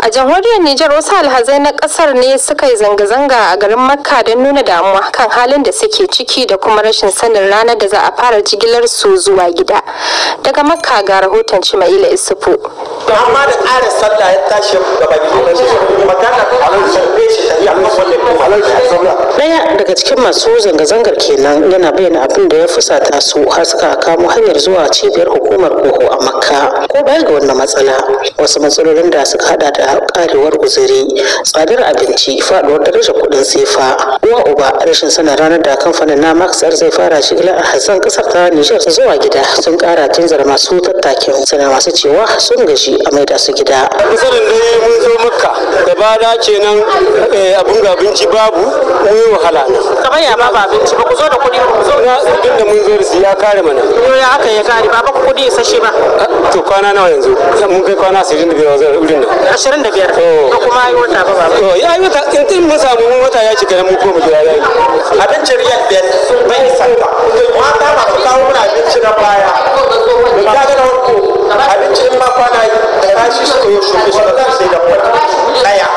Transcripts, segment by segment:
a jamhuriyar Nijar wasu alhazai na kasar ne suka yi zanga-zanga a garin Makka don nuna damuwa kan halin da suke ciki da kuma rashin sanin ranar da za a fara jigilar su zuwa gida. Daga Makka ga rahoton Cima'ila Isufu. Amma da ƙara sallah ya tashi gaba gidan shi, makana a shi tafiya Daya daga cikin masu zanga-zangar kenan yana bayyana abin da ya fusata su har suka kamo hanyar zuwa cibiyar hukumar koho a makka ko baya ga wannan matsala wasu matsalolin da suka hada da karewar guzuri tsadar abinci faduwar darajar kuɗin sefa uwa uba rashin sanin ranar da kamfanin na maxar zai fara shigilar a hasan kasar ta nijar zuwa gida sun kara tunzar masu tattakin suna masu cewa sun gaji a mai su gida misalin dai mun zo makka da ba da ce nan eh, abin da abinci babu mun wahala na kamar ya ba abinci ba ku zo da kuɗi ku zo na abin da mun zo da su ya kare mana yo ya haka ya kare ba ba ku kuɗi isasshe ba to kwana nawa yanzu mun kai kwana 25 wajen wurin nan 25 to kuma yi wata ba ba to oh, ya yi wata in mun samu mun wata ya ci kenan mun koma abinci riyal biyar bai isanta mata masu kawo mana abinci na baya da ta gana wani abinci in ma kwana da tashi suka yi shuku suka zan sai da kwata daya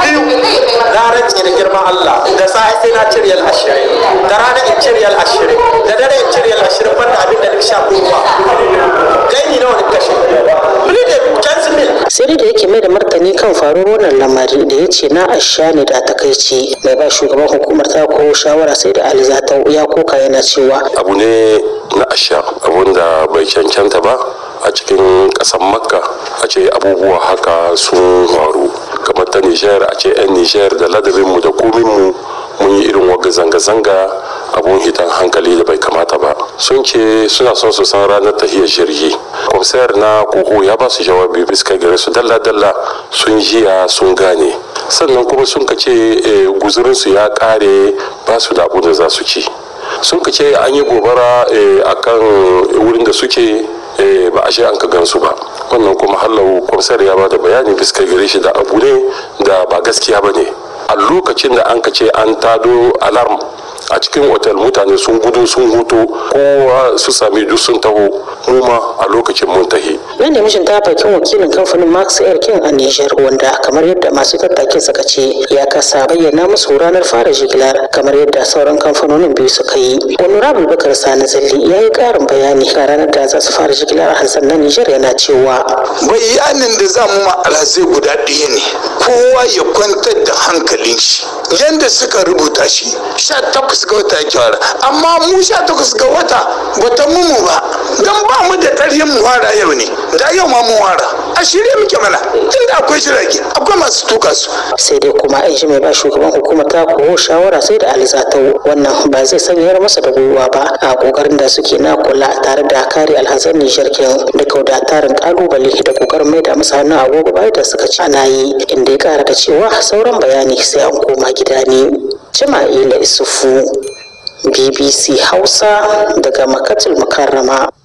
biyu na rance da girma Allah da sa'a sai na cire yal ashirin da rana in cire yal ashirin da dare in cire yal ashirin banda abin da duk sha kuma da martani kan faruwar wannan lamari da ya ce na asha ne da takaici mai ba shugaban hukumar ta ko shawara sai da ali alizata ya koka yana cewa abu ne na asha abun bai cancanta ba a cikin kasan makka a ce abubuwa haka sun faru kamar ta nijar a ce 'yan nijar da mu da kominmu mun yi irin waga zanga-zanga abun hitan hankali da bai kamata ba sun ce suna son su san ranar tahiyar jirgi komisar na kuhu ya ba su jawabi bisa gare su dalla-dalla sun jiya sun gane sannan kuma sun ka ce eh, su ya kare ba su da da za su ci sun ka ce an yi gobara eh, a kan wurin da suke eh, ba a shi an ka gansu ba wannan kuma hallau komisar ya ba da bayani bisa gare shi da abu ne da ba gaskiya ba ne a lokacin da an ka ce an tado alarm a cikin otal mutane sun gudu sun hutu kowa su sami duk sun taho mu a lokacin mun tahi nan da mijin ta wakilin kamfanin max air king a niger wanda kamar yadda masu tattakin suka ce ya kasa bayyana musu ranar fara jigilar kamar yadda sauran kamfanonin biyu suka yi honorable bakar sani zalli ya yi karin bayani a ranar da za su fara jigilar hansan na niger yana cewa bayanin da zan mu ma guda ɗaya ne kowa ya kwantar da hankalin shi yadda suka rubuta shi sha takwas ga wata yake wara amma mu sha takwas ga wata wata mumu ba don ba mu da ƙarfin mu wara yau ne da yau ma mu wara a shirya muke mana tun da akwai shirage akwai masu tuka su sai dai kuma in shi mai ba shugaban hukumar ta kowo shawara sai da ta wannan ba zai sanyar masa da gwiwa ba a kokarin da suke na kula tare da kare alhazan nijar kenan da kauda tarin kalubale da kokarin mai da masa hannu agogo bayan da suka ci ana yi inda ya kara da cewa sauran bayani ne sai an koma gida ne jima'ila isufu bbc hausa daga makatul mukarrama